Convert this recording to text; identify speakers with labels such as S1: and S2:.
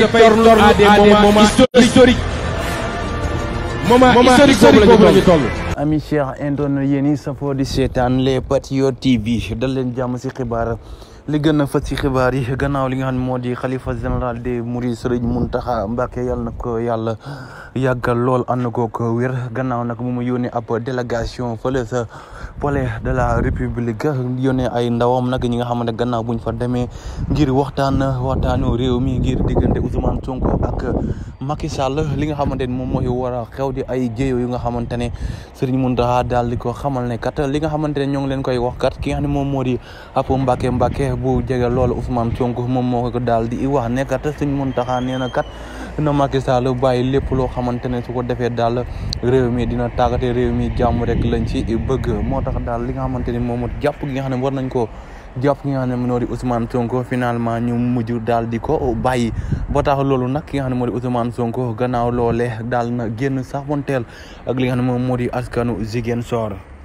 S1: dafay torlu à des moments ami cher intone yéen i di seetaan les patriotes TV dal leen jàmm si xibaar li gën a fës si xibaar yi gannaaw li nga xam ne moo di xalifa général des mourides Serigne Mountakha Mbacké yàlla na ko yàlla yàggal lool ànd kook wér gannaaw nag mu mu yónnee ab délégation fële sa palais de la république yónnee ay ndawam nag ñi nga xam ne gannaaw buñ fa demee ngir waxtaan waxtaanu réew mi ngir diggante Ousmane Sonko ak Macky Sall li nga xamante ni moom mooy war a xew ay jéeyo yu nga xamante ne Serigne Mountakha daal di xamal ne kat li nga xamante ne ñoo ngi leen koy wax kat ki nga xam moom moo di ab Mbàkke Mbàkke bu jege lool Ousmane Sonko moom moo ko daal di wax ne kat Serigne Mountakha nee na kat na Macky Sall bàyyi lépp loo xamante ne su ko defee daal réew mi dina tàggate réew mi jàmm rek lañ ci bëgg moo tax daal li nga xamante ni moom jàpp gi nga xam ne war nañ ko jàpp ki nga xam ne moo di Ousmane Sonko finalement ñu mujj daal di ko bàyyi ba tax loolu nag ki nga xam ne moo di Ousmane Sonko gannaaw loole daal na génn sax wonteel ak li nga xam moom moo di askanu Ziguinchor